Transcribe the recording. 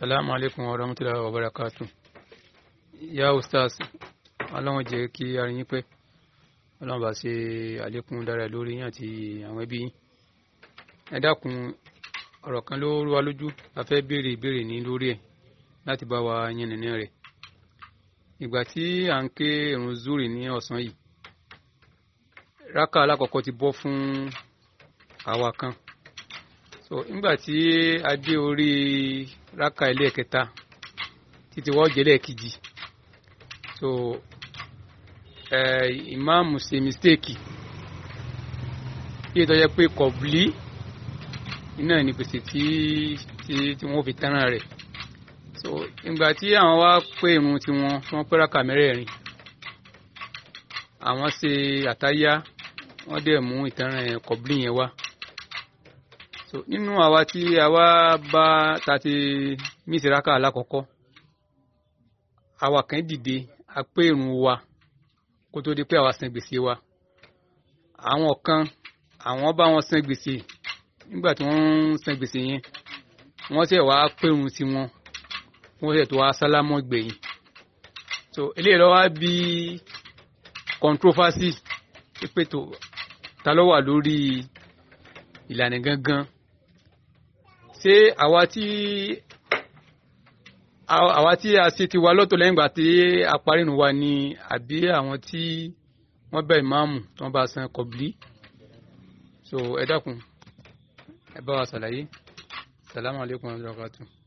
salamu alaikum wa rahmatulahi wa barakatu ya ustaz ọlọ́run jẹ́ kí ara yín pẹ́ ọlọ́run bá ṣe àlékún dára lórí yín àti àwọn ẹbí yín ẹ dákun ọ̀rọ̀ kan ló rú wa lójú a fẹ́ béèrè ìbéèrè ní lórí ẹ̀ láti bá wa yín nìní rẹ̀ ìgbà tí à ń ké ìrun zuri ní ọ̀sán yìí rákà alákọ̀ọ́kọ́ ti bọ́ fún àwa kan so nígbà tí a dé orí raka ẹlẹ́ẹ̀kẹta títí wọ́n jẹ́ lẹ́ẹ̀kejì so ìmáàmù ṣe mistake bí ìtọ́jẹ́ pé kọ̀bùlí iná ní gbèsè tí tí wọ́n fi tẹ́ràn rẹ̀ so ìgbà tí àwọn wá pé irun tiwọn wọ́n pé raka mẹ́rẹ̀ẹ̀rin àwọn ṣe àtáyá wọ́n dẹ̀ mú ìtẹ́ràn kọ̀bùlí yẹn wá so nínú àwa tí àwa bá ta ti mísìrákà alákọ̀ọ́kọ́ àwa kan dìde a pé ìrun wa kó tó di pé àwa san gbèsè wa àwọn kan àwọn bá wọn san gbèsè nígbà tí wọ́n ń san gbèsè yẹn wọ́n sì wá pé ìrun sí wọ́n sì tó wá sálámọ́ gbẹ̀yìn so eléyìí lọ́wọ́ bí controversy pé tó ta ló wà lórí ìlànà gangan ṣé àwa tí àwa a ṣe ti wa lọ́tọ̀ lẹ́yìn ìgbà tí a parí nu wa ni àbí àwọn tí wọ́n bẹ̀ ìmáàmù tí wọ́n bá san kọ̀bìlì so ẹ dákun ẹ bá wa ṣàlàyé salamu alaykum wa rahmatulahi.